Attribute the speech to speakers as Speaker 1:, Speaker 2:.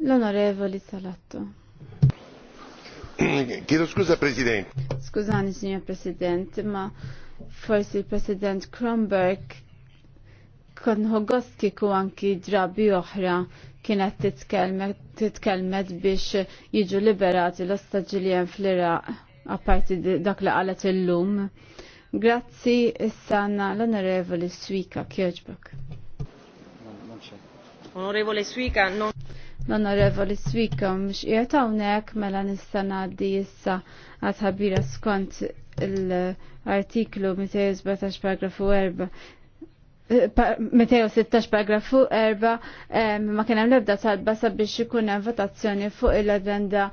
Speaker 1: Lonorevoli Salatto.
Speaker 2: Chiedo scusa
Speaker 3: Presidente.
Speaker 1: Scusami signor President, ma forsi il-President Kronberg kon gost kiku anki drabi oħra kienet titkelmet biex jiġu liberati l-ostaġi li fl-Iraq, apparti dak li qalet illum. Grazzi s-sanna l-Onorevoli Swika Kjoġbak.
Speaker 4: Onorevole Swika, non
Speaker 1: l-onorevoli Swika mux qiegħed hawnhekk mela nista' ngħaddi issa għad ħabira skont l-artiklu 217 paragrafu 4 216 paragrafu 4 ma kien hemm talba sabiex ikun votazzjoni fuq il-agenda